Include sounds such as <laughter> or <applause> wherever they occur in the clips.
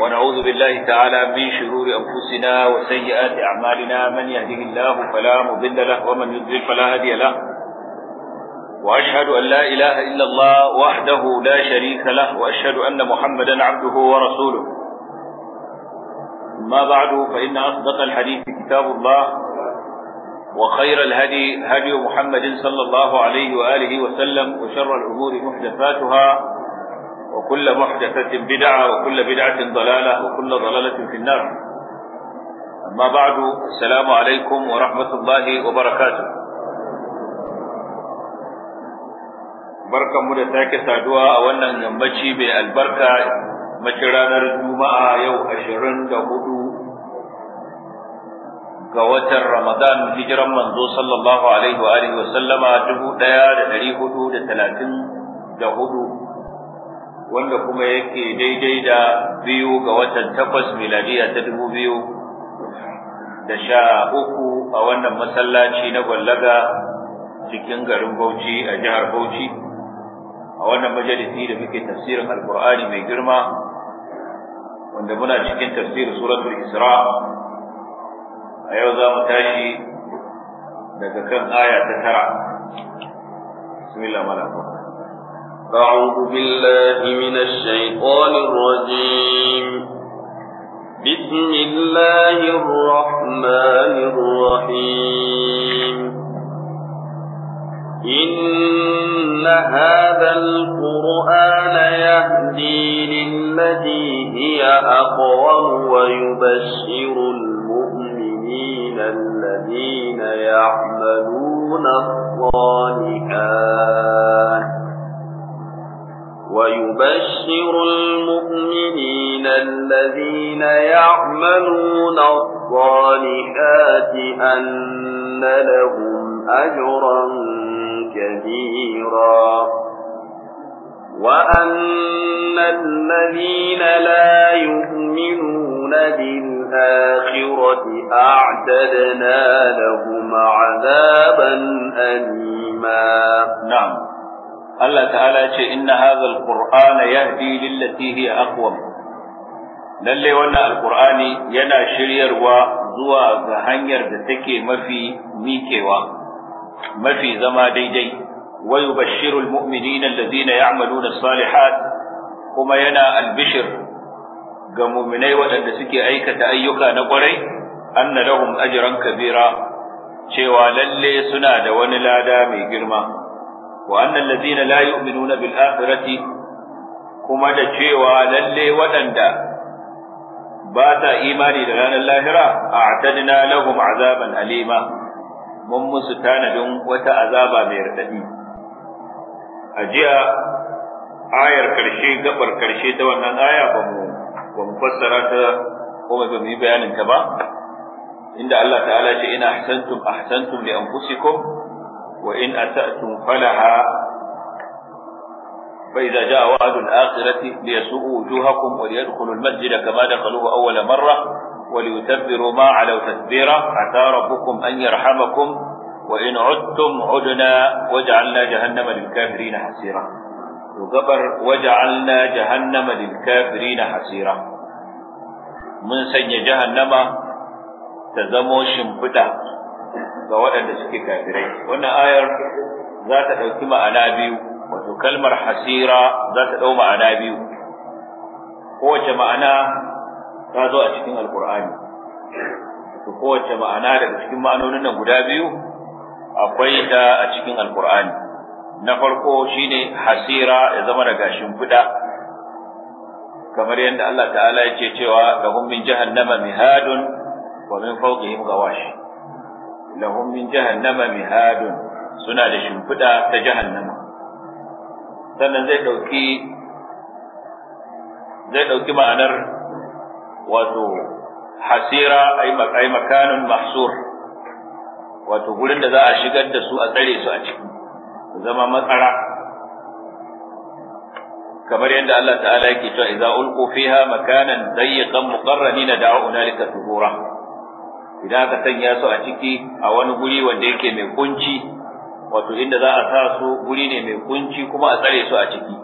ونعوذ بالله تعالى من شرور أنفسنا وسيئات أعمالنا من يهده الله فلا مضل له ومن يضلل فلا هادي له وأشهد أن لا إله إلا الله وحده لا شريك له وأشهد أن محمدا عبده ورسوله ما بعد فإن أصدق الحديث كتاب الله وخير الهدي هدي محمد صلى الله عليه وآله وسلم وشر الأمور محدثاتها وكل محدثة بدعة وكل بدعة ضلالة وكل ضلالة في النار أما بعد السلام عليكم ورحمة الله وبركاته بركة مدتاك سادواء وانا نمشي بالبركة مجرانا رجوماء يو أشرن جهدو قواتر رمضان هجرا منذ صلى الله عليه وآله وسلم جهو ديار نريه دو دو wanda kuma yake daidai da biyu ga watan takwas miladiya ta dubu biyu da sha uku a wannan masallaci na gwallaga cikin garin Bauchi a jihar Bauchi a wannan majalisi da muke tafsirin Alkur'ani mai girma wanda muna cikin tafsirin suratul Isra a yau za mu tashi daga kan aya ta tara bismillah أعوذ بالله من الشيطان الرجيم بسم الله الرحمن الرحيم إن هذا القرآن يهدي للتي هي أقوم ويبشر المؤمنين الذين يعملون الصالحات ويبشر المؤمنين الذين يعملون الصالحات أن لهم أجرا كبيرا وأن الذين لا يؤمنون بالآخرة أعددنا لهم عذابا أليما نعم Allah ta'ala ya ce inna hazal alqur'ana yahdi lillati hiya aqwam lalle wannan alqur'ani yana shiryarwa zuwa ga hanyar da take mafi mikewa mafi zama daidai wa yubashshiru almu'minina alladhina ya'maluna as-salihat kuma yana albishir ga mu'minai waɗanda suke aikata ayyuka na ƙwarai anna lahum ajran kabira cewa lalle suna da wani lada mai girma wa annal ladina la yu'minuna bil akhirati kuma da cewa lalle waɗanda ba ta imani da ranar lahira A a'tadna lahum azaban alima mun musu tanadin wata azaba mai radadi a jiya ayar karshe gabar karshe ta wannan aya ba mu ba fassara kuma ba mu yi bayanin ta ba inda Allah ta'ala ce ina ahsantum ahsantum li anfusikum وإن أسأتم فلها فإذا جاء وعد الآخرة ليسوءوا وجوهكم وليدخلوا المسجد كما دخلوه أول مرة وليتبروا ما علوا تدبيرا عسى ربكم أن يرحمكم وإن عدتم عدنا وجعلنا جهنم للكافرين حسيرا وقبر وجعلنا جهنم للكافرين حسيرا من سن جهنم تزمو شمفتا ga waɗanda suke kafirai wannan ayar za ta ɗauki ma'ana biyu wato kalmar hasira za ta ɗau ma'ana biyu kowace ma'ana ta zo a cikin alkur'ani to kowace ma'ana daga cikin ma'anonin nan guda biyu akwai ta a cikin alkur'ani na farko shine hasira ya zama da gashin shimfiɗa kamar yadda Allah ta'ala yake cewa ga min jahannama mihadun wa min fawqihim gawashi lahum min jahannama mihadun suna da shimfiɗa ta jahannama sannan zai ɗauki zai ɗauki ma'anar wato hasira ai makanun mahsur wato gurin da za a shigar da su a tsare su a ciki zama matsara kamar yadda Allah ta'ala yake cewa idza ulqu fiha makanan dayyiqan muqarranina da'u hunalika thubura idan aka sanya su a ciki a wani guri wanda yake mai kunci wato inda za a sa su guri ne mai kunci kuma a tsare su a ciki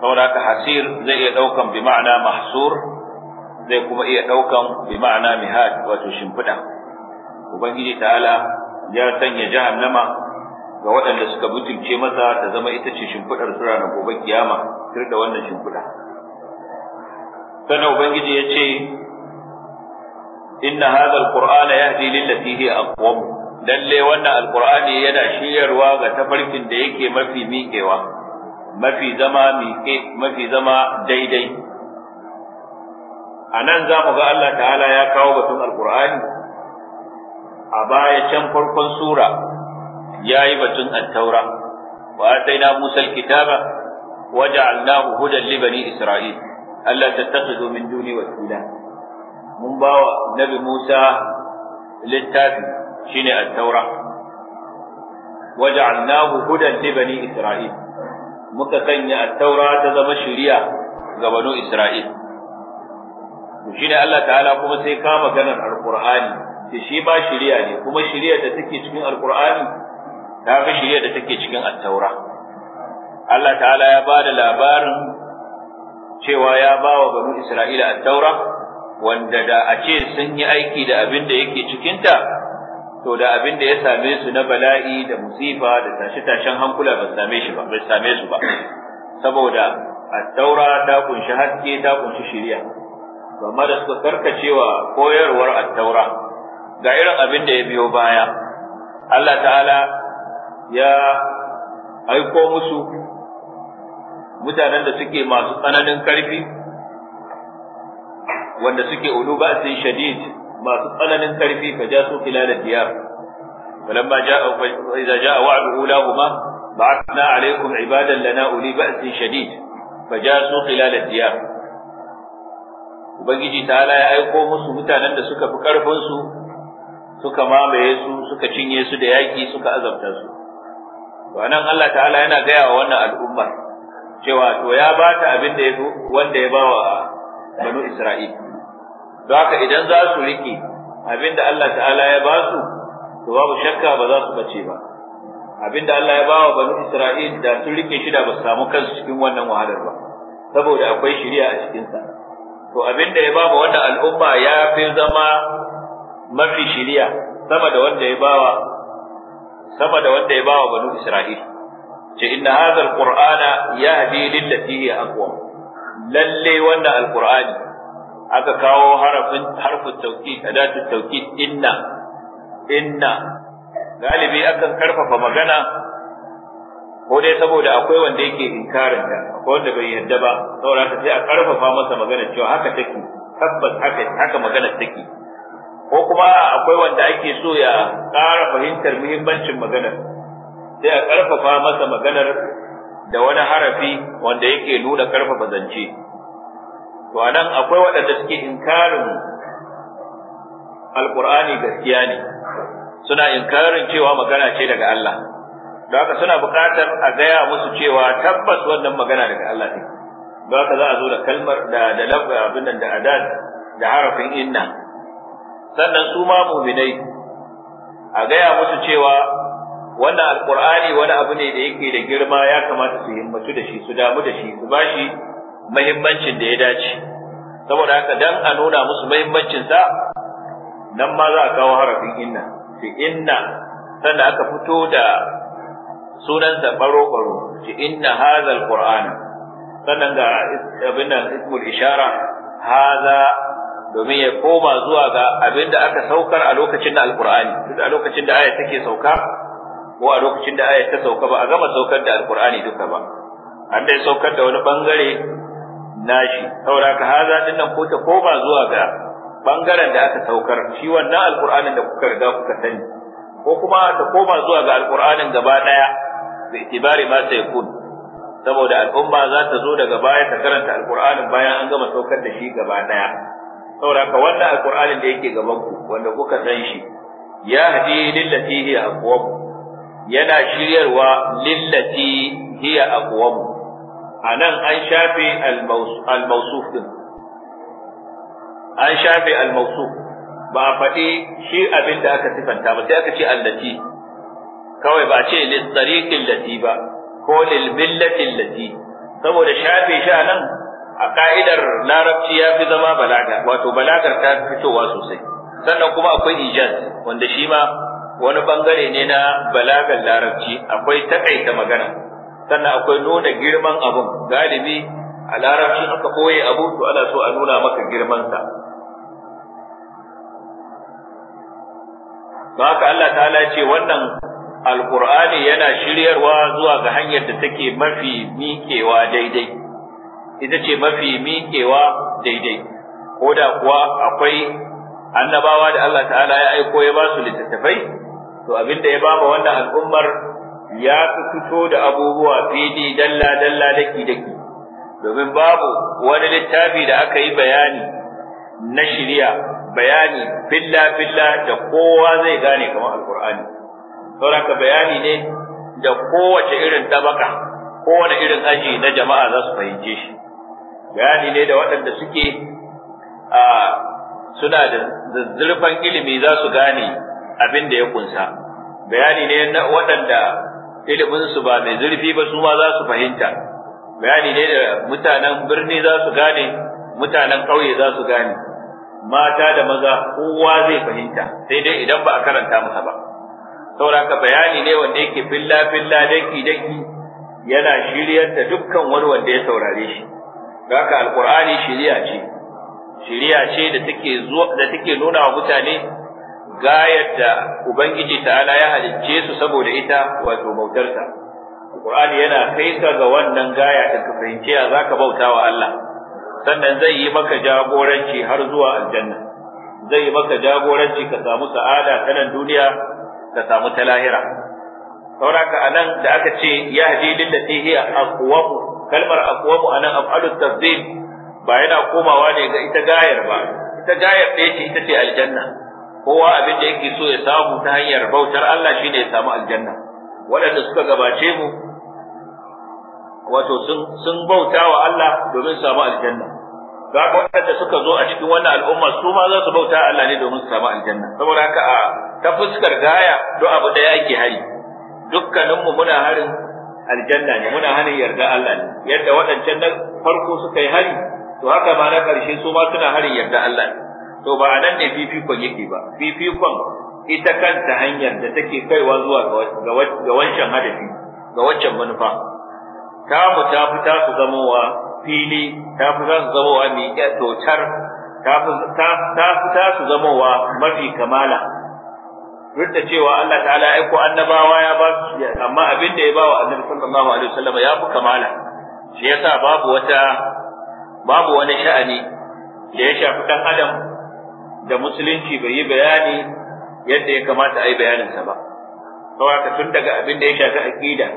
saboda haka hasir zai iya daukan bi ma'ana mahsur zai kuma iya daukan bi ma'ana mihad wato shimfida ubangiji ta'ala ya sanya jahannama ga waɗanda suka mutunce masa ta zama ita ce shimfidar su ranar gobe kiyama tirda wannan shimfida sannan ubangiji ya ce inna hadha alqur'ana yahdi lillati hiya aqwam lalle wannan alqur'ani yana shiryarwa ga tafarkin da yake mafi miƙewa mafi zama miƙe mafi zama daidai a nan za mu ga Allah ta'ala ya kawo batun alqur'ani a baya can farkon sura ya yi batun attaura wa ataina musa alkitaba wa ja'alnahu hudan li bani isra'il alla tattakhidhu min duni wasila mun ba wa nabi Musa littafi shine at-taura waja'alnahu hudan li bani isra'il muka sanya at-taura ta zama shari'a ga banu isra'il shine Allah ta'ala kuma sai ka maganar al-qur'ani da shi ba shari'a ne kuma shari'a da take cikin al-qur'ani ta fi shari'a da take cikin at-taura Allah ta'ala ya bada labarin cewa ya bawa wa banu Isra'ila at-taura wanda da a ce sun yi aiki da abin da yake cikinta to da abin da ya same su na bala'i da musifa da tashe-tashen hankula ba same shi ba bai same su ba saboda at-taura ta kunshi haske ta kunshi shari'a amma da suka karkacewa koyarwar at ga irin abin da ya biyo baya Allah ta'ala ya aiko musu mutanen da suke masu tsananin karfi wanda suke ulu ba'sin shadid masu tsananin karfi fa ja su filal diyar falamma ja'a idza ja'a wa'du ulahuma ba'athna alaykum ibadan lana uli ba'sin shadid fa ja su filal diyar ubangiji ta'ala ya aiko musu mutanen da suka fi karfin su suka mamaye su suka cinye su da yaki suka azabta su to anan Allah ta'ala yana gaya wa wannan al'ummar cewa to ya bata abin da ya wanda ya bawa banu Isra'il don haka idan za su riƙe abinda Allah ta'ala ya ba su to babu shakka ba za su bace ba abinda Allah ya ba wa banu Isra'il da su rike shi da ba samu kansu cikin wannan wahalar ba saboda akwai shari'a a cikin sa to abinda ya ba wa wannan al'umma ya fi zama mafi shari'a sama da wanda ya ba wa sama da wanda ya ba wa banu Isra'il ce inna hadha qur'ana qurana yahdi lillati hiya aqwam lalle wannan alqur'ani aka kawo harafin harfin tauki adatu tauki inna inna galibi akan karfafa magana ko dai saboda akwai wanda yake inkarin ta akwai wanda bai yarda ba saboda ta sai a karfafa masa magana cewa haka take tabbas haka haka magana take ko kuma akwai wanda ake so ya ƙara fahimtar muhimmancin maganar sai a ƙarfafa masa maganar da wani harafi wanda yake nuna karfafa zance to anan akwai waɗanda suke inkarin alqur'ani gaskiya ne suna inkarin cewa magana ce daga Allah don haka suna buƙatar a gaya musu cewa tabbas wannan magana daga Allah ne don haka za a zo da kalmar da da lafiya abin nan da adad da harafin inna sannan su ma mu'minai a gaya musu cewa wannan alqur'ani wani abu ne da yake da girma ya kamata su himmatu da shi su damu da shi su bashi muhimmancin da ya dace saboda haka dan a nuna musu muhimmancin sa nan ma za a kawo harafin inna fi inna sanda aka fito da sunansa baro baro fi inna hadha alqur'ana sannan ga abin ismul ishara hadha domin ya koma zuwa ga abin da aka saukar a lokacin da alqur'ani a lokacin da aya take sauka ko a lokacin da ayat ta sauka ba a gama saukar da alqur'ani duka ba an dai saukar da wani bangare nashi saboda ka haza dinnan ko ta koma zuwa ga bangaren da aka saukar shi wannan alqur'anin da kuka riga kuka sani ko kuma ta koma zuwa ga alqur'anin gaba daya bi itibari ma sai kun saboda al'umma za ta zo daga baya ta karanta alqur'anin bayan an gama saukar da shi gaba daya saboda ka wannan alqur'anin da yake gaban ku wanda kuka san shi ya hadi lillati hiya aqwam yana shiryarwa lillati hiya aqwam anan an shafe al-mawsuf din an shafe al-mawsuf ba a faɗi shi abin da aka sifanta ba sai aka ce allati kawai ba a ce litsariqin lati ba ko lilmillatin lati saboda shafe shi anan a ka'idar larabci ya fi zama balaga wato balagar ta fitowa sosai sannan kuma akwai ijaz wanda shi ma wani bangare ne na balagan larabci akwai takaita magana sannan akwai nuna girman abun galibi a larabci aka koye abu to ana so a nuna maka girmansa don haka Allah ta'ala ce wannan alkur'ani yana shiryarwa zuwa ga hanyar da take mafi miƙewa daidai ita ce mafi miƙewa daidai ko da kuwa akwai annabawa da Allah ta'ala ya aiko ya ba su littattafai to abin da ya bama wannan al'ummar ya fi fito da abubuwa fili dalla dalla daki daki domin babu wani littafi da aka yi bayani na shirya bayani filla filla da kowa zai gane kamar alqur'ani saboda bayani ne da kowace irin tabaka kowane irin aji na jama'a za su fahimce shi bayani ne da waɗanda suke a suna da zurfan ilimi za su gane abin da ya kunsa bayani ne na waɗanda ilimin su ba mai zurfi ba su ma za su fahimta bayani ne da mutanen birni za su gane mutanen ƙauye za su gane mata da maza kowa zai fahimta sai dai idan ba a karanta masa ba saboda bayani ne wanda yake filla filla daki daki yana shiryar da dukkan wani wanda ya saurare shi don haka alkur'ani shiriya ce shiriya ce da take zuwa da take nuna wa mutane gayar da ubangiji ta'ala ya halicce su saboda ita wato bautarsa Ƙur'ani yana kai ka ga wannan gaya ta ka fahimci ya zaka bauta wa Allah sannan zai yi maka jagoranci har zuwa aljanna zai yi maka jagoranci ka samu sa'ada ta nan duniya ka samu ta lahira a anan da aka ce ya da lillati a aqwam kalmar aqwam anan af'alu tafdil ba yana komawa ne ga ita gayar ba ita gayar ɗaya ce ita ce aljanna kowa abin da yake so ya samu ta hanyar bautar Allah shi ne ya samu aljanna waɗanda suka gabace mu wato sun bauta wa Allah domin su samu aljanna ga waɗanda suka zo a cikin wannan al'umma su ma za su bauta Allah ne domin su samu aljanna saboda haka a ta fuskar gaya duk abu ɗaya ake hari dukkaninmu muna harin aljanna ne muna hanin yarda Allah ne yadda waɗancan na farko suka yi hari to haka ma na ƙarshe su ma suna harin yarda Allah ne to ba a nan ne fifikon yake ba fifikon ita kanta hanyar da take kaiwa zuwa ga wancan hadafi ga wancan manufa ta mu ta fi ta su zamowa fili ta fi za su zamowa miƙe tocar ta fi ta su zamowa mafi kamala duk da cewa Allah ta'ala ya ko annabawa ya ba su amma abin da ya ba wa annabi sallallahu alaihi wasallam ya fi kamala shi yasa babu wata babu wani sha'ani da ya shafi dan adam da musulunci bai yi bayani yadda ya kamata a yi bayaninsa ba saboda tun daga abin da ya shafi aƙida,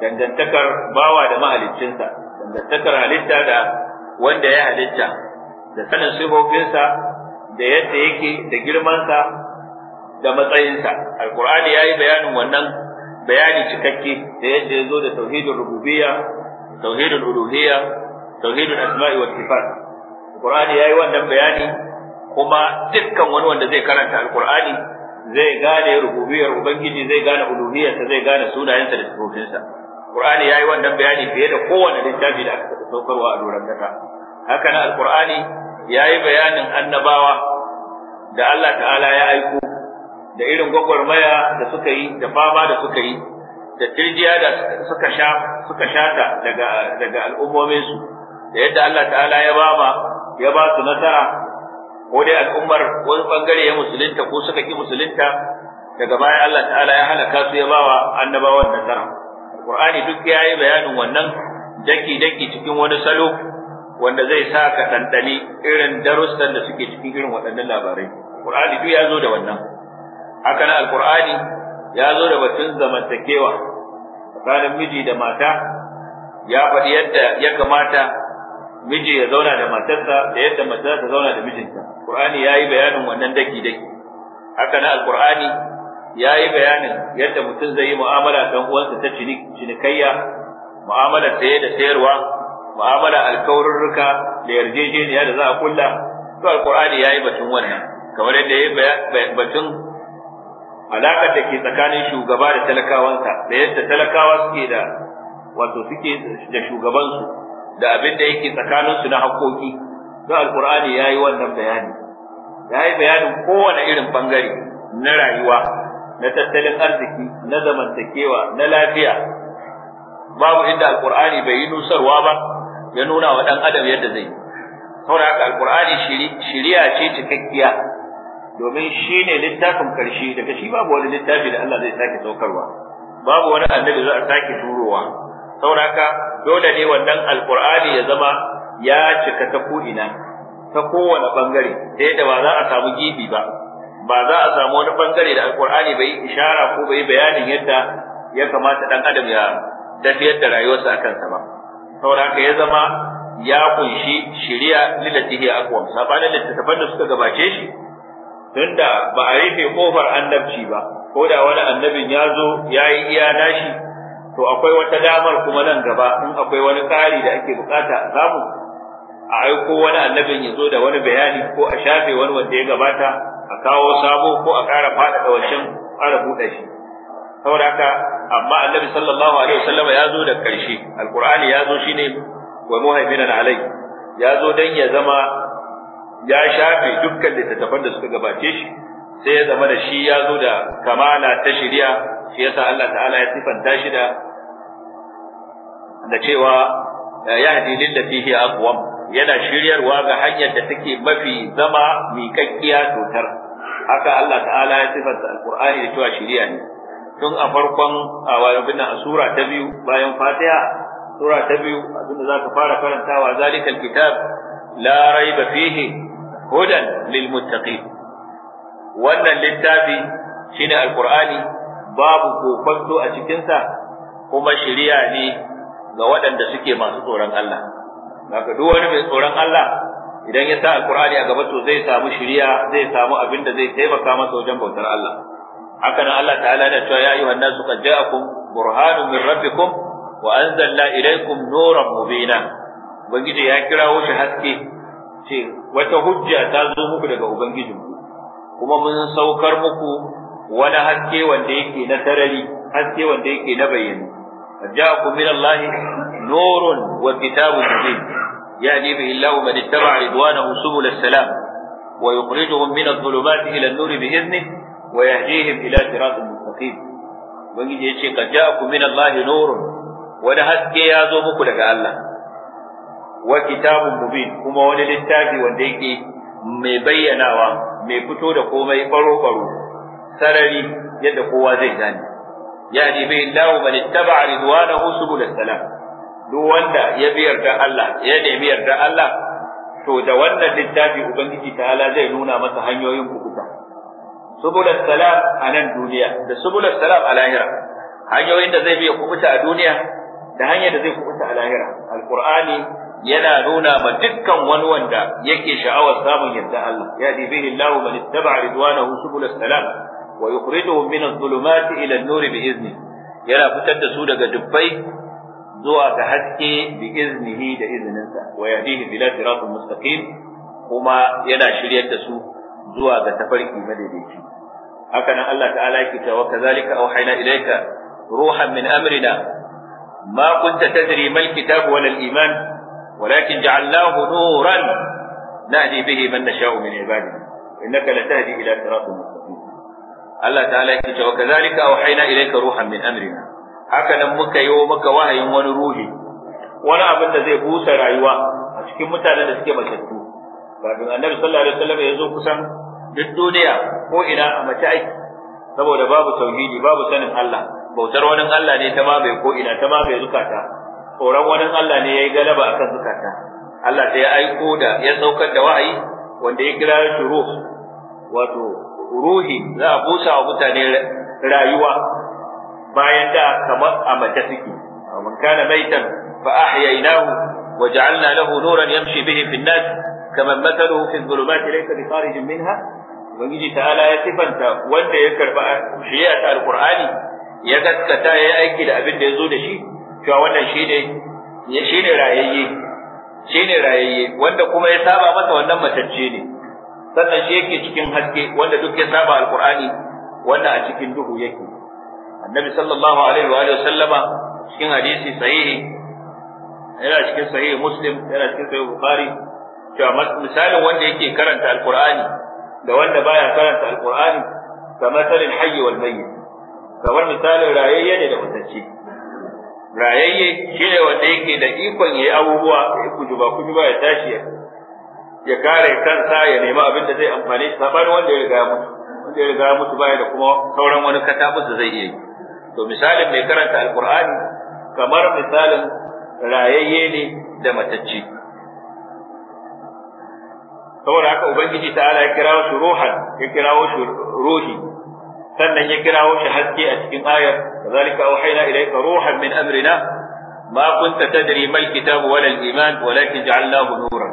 dangantakar bawa da mahaliccinsa dangantakar halitta da wanda ya halitta da sanin sifofinsa da yadda yake da girmansa da matsayinsa ya yi bayanin wannan bayani cikakke da yadda ya zo da Tauhidin Rububiya, Tauhidin uluhiyya Tauhidin asma'i was sifat ya yi wannan bayani kuma dukkan wani wanda zai karanta alkur'ani zai gane rububiyar ubangiji zai gane uluhiyarsa zai gane sunayensa da sifofinsa qur'ani yayi wannan bayani fiye da kowane littafi da aka saukarwa a doron kasa haka na alkur'ani yayi bayanin annabawa da Allah ta'ala ya aiko da irin gwagwarmaya da suka yi da fama da suka yi da tirjiya da suka sha suka shata daga daga al'ummominsu da yadda Allah ta'ala ya ba ya ba su nasara ko dai al'ummar wani bangare ya musulunta ko suka ki musulunta daga baya Allah ta'ala ya halaka su ya bawa annabawan nasara Qur'ani duk ya yi bayanin wannan daki daki cikin wani salo wanda zai sa ka dandani irin darussan da suke cikin irin waɗannan labarai Qur'ani duk ya zo da wannan haka nan Al-Qur'ani ya zo da batun zamantakewa tsakanin miji da mata ya faɗi yadda ya kamata miji ya zauna da matarsa da yadda mace ta zauna da mijinta qur'ani yayi bayanin wannan daki daki haka na alqur'ani yayi bayanin yadda mutum zai yi mu'amala kan uwansa ta cinikayya mu'amala saye da sayarwa mu'amala alkawarurruka da yarjejeniya da za a kulla to alqur'ani yayi batun wannan kamar yadda yayi batun alakar da ke tsakanin shugaba da talakawansa da yadda talakawa suke da wato suke da shugabansu da abin da yake tsakaninsu na haƙoƙi don alƙur'ani ya yi wannan bayani ya yi bayanin kowane irin bangare na rayuwa na tattalin arziki na zamantakewa na lafiya babu inda alƙur'ani bai yi nusarwa ba ya nuna wa ɗan adam yadda zai yi saboda haka alƙur'ani shiriya ce cikakkiya domin shi ne littafin karshe daga shi babu wani littafi da Allah zai sake saukarwa babu wani annabi za a sake turowa sauraka dole ne wannan alqur'ani ya zama ya cika ta ko'ina ta kowane bangare ta da ba za a samu gibi ba ba za a samu wani bangare da alqur'ani bai ishara ko bai bayanin yadda ya kamata ɗan adam ya tafiyar da rayuwarsa akan sa ba sauraka ya zama ya kunshi shari'a lillatihi aqwam sabanin littattafan da suka gabace shi tunda ba a rufe kofar annabci ba ko da wani annabin ya zo ya yi iya nashi to akwai wata damar kuma nan gaba in akwai wani tsari da ake bukata a samu a aiko wani annabin ya zo da wani bayani ko a shafe wani wanda ya gabata a kawo sabo ko a ƙara faɗaɗa wancan ƙara buɗe shi saboda haka amma annabi sallallahu alaihi wasallam ya zo da ƙarshe alqur'ani ya zo shine wa muhaiminan alai ya zo dan ya zama ya shafe dukkan littattafan da suka gabace shi sai ya zama da shi ya zo da kamala ta shari'a shi yasa Allah ta'ala ya sifanta shi da da cewa yahdi lillati hi aqwam yana shiryarwa ga hanyar da take mafi zama miƙaƙƙiya cutar haka Allah ta'ala ya sifanta alqur'ani da cewa shirya ne tun a farkon a wani a sura ta biyu bayan fatiha sura ta biyu abinda za ka fara karantawa zalikal kitab la raiba fihi hudan lil muttaqin wannan littafi shine alqur'ani babu kokonto a cikinsa kuma shirya ne ga waɗanda suke masu tsoron Allah haka duk wani mai tsoron Allah idan ya sa Alƙur'ani a gaba to zai samu shiriya zai samu abin da zai taimaka masa wajen bautar Allah haka nan Allah ta'ala da cewa ya ayyuhan nasu qad ja'akum burhanun min rabbikum wa anzalna ilaykum nuran mubina ubangiji ya kirawo shi haske ce wata hujja ta zo muku daga ubangiji, kuma mun saukar muku wani haske wanda yake na tarari haske wanda yake na bayyana جاءكم من الله نور وكتاب مبين يهدي به الله من اتبع رضوانه سبل السلام ويخرجهم من الظلمات الى النور باذنه ويهديهم الى صراط مستقيم ubangiji ya ce ka ja'akum min Allah nurun wani haske ya zo muku daga Allah wa kuma wani littafi wanda yake mai bayyanawa mai fito da komai baro baro sarari yadda kowa zai gane yahdi bihi Allah man ittaba ridwanahu subul salam duk wanda ya bi yarda Allah ya nemi yarda Allah to da wannan littafi ubangiji ta'ala zai nuna masa hanyoyin kukuta subul salam a nan duniya da subul salam a lahira hanyoyin da zai bi kukuta a duniya da hanyar da zai kukuta a lahira alqur'ani yana nuna ma dukkan wani wanda yake sha'awar samun yarda Allah ya dibihi Allah man ittaba salam ويخرجهم من الظلمات إلى النور بإذنه يرى فتد سودك جبي زوى تهكي بإذنه لإذن أنت ويهديه بلا فراث المستقيم وما ينا شريت سو زوى تفرق مدريك أكنا الله تعالى وكذلك أوحينا إليك روحا من أمرنا ما كنت تدري ما الكتاب ولا الإيمان ولكن جعلناه نورا نهدي به من نشاء من عبادنا إنك لتهدي إلى صراط مستقيم Allah ta'ala yake cewa kazalika auhayna ilayka ruhan min amrina haka nan muka yi maka wahayin wani ruhi wani abin da zai busa rayuwa a cikin mutanen da suke matattu don annabi sallallahu alaihi wasallam ya zo kusan duk duniya ko ina a mace aiki saboda babu tauhidi babu sanin Allah bautar wani Allah ne ta mamaye ko ina ta bai zukata tsoron wani Allah ne yayi galaba akan zukata Allah ta ya aiko da ya saukar da wa'ayi wanda ya kira shi ruh wato ruhi za a busa wa mutane rayuwa bayan da kamar a mace suke man kana maitan fa ahyaynahu wa ja'alna lahu nuran yamshi bihi fi an-nas kaman mathaluhu fi adh-dhulumati laysa bi kharij minha ubangiji ta'ala ya sifanta wanda ya karba shi'a ta alqur'ani ya gaskata ya aiki da abin da ya zo da shi cewa wannan shine shine rayayye shine rayayye wanda kuma ya saba masa wannan matacce ne sannan shi yake cikin haske wanda duk ya saba alqur'ani wannan a cikin duhu yake annabi sallallahu alaihi wa sallama cikin hadisi sahihi yana cikin sahihi muslim yana cikin sahihi bukhari cewa misalin wanda yake karanta alqur'ani da wanda baya karanta alqur'ani kamar talin hayyi wal mayyit kamar misalin rayayye ne da mutacce rayayye shi ne wanda yake da ikon yayi abubuwa ya kujuba kujuba ya tashi ya kare kansa ya nemi abin da zai amfane shi sabar wanda ya riga mutu wanda ya riga mutu baya da kuma sauran wani katabus da zai iya yi to misalin mai karanta alqur'ani kamar misalin rayayye ne da matacce saboda haka ubangiji ta'ala ya kira shi ruhan ya kira shi ruhi sannan ya kira shi haske a cikin ayar kazalika auhayna ilayka ruhan min amrina ma kunta tadri mal kitab wala al iman walakin ja'alnahu nura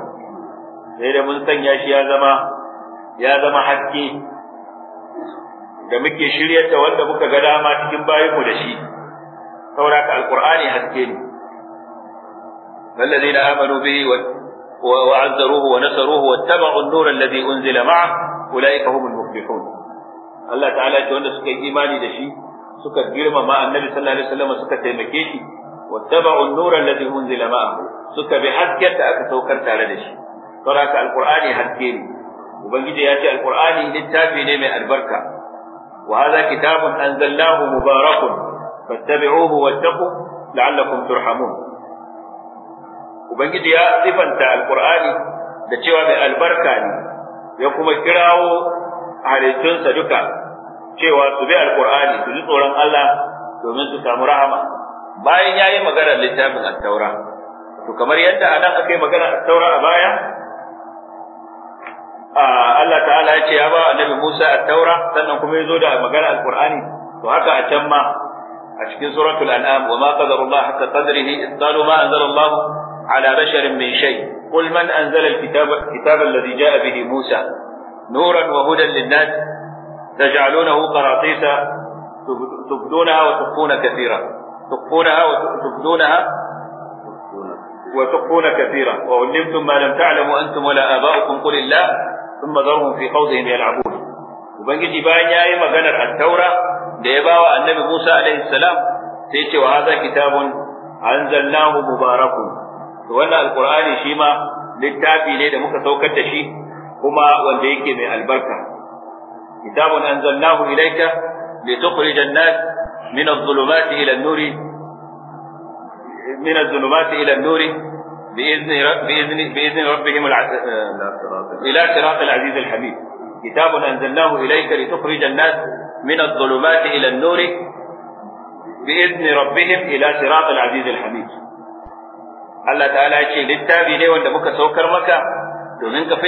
sai da mun sanya shi ya zama ya zama haske da muke shirye ta wanda muka ga dama cikin bayinmu da shi sauraka alqur'ani haske ne amanu wa والذين wa به وعزروه ونصروه واتبعوا النور الذي أنزل معه humul muflihun Allah ta'ala تعالى wanda suka yi imani da shi suka girmama annabi sallallahu alaihi wasallam suka taimake shi an-nura الذي unzila ma'a suka bi hasken da aka saukar tare da shi saboda alqur'ani haske ne ubangiji ya ce alqur'ani littafi ne mai albarka wa hadha kitabun anzalnahu mubarakun fattabi'uhu wattaqu la'allakum turhamun ubangiji ya sifanta alqur'ani da cewa mai albarka ne ya kuma kirawo halittunsa duka cewa su bi alqur'ani su ji tsoron Allah domin su samu rahama bayan yayi maganar littafin at-taura to kamar yadda anan aka yi maganar at-taura a baya Allah ta'ala ya ce ya ba annabi Musa at-taura sannan kuma yazo da magana al-Qur'ani to haka a can ma a cikin suratul an'am wa ma qadarullahu hatta qadrihi id qalu ma anzalallahu ala basharin min shay qul man anzala al-kitaba kitaba alladhi ja'a bihi Musa nuran wa hudan lin-nas taj'alunahu qaratisa tubdunaha wa tukhuna katira tukhuna wa tubdunaha wa katira wa ulimtum ma lam ta'lamu antum wala aba'ukum qul الله thumma zarhum fi khawdihim yal'abun ubangiji bayan yayi maganar at-taura da ya bawa annabi Musa alaihi salam sai ya ce wa hadha kitabun anzalnahu mubarakun to wannan alqur'ani shi ma littafi ne da muka saukar da shi kuma wanda yake mai albarka kitabun anzalnahu ilayka litukhrija an-nas min adh-dhulumati ila an-nur من الظلمات إلى النور بإذن بإذن بإذن ربهم العز... إلى صراط العزيز الحميد كتاب أنزلناه إليك لتخرج الناس من الظلمات إلى النور بإذن ربهم إلى صراط العزيز الحميد الله تعالى يقول للتابين وندبك سوكر مكا دون انك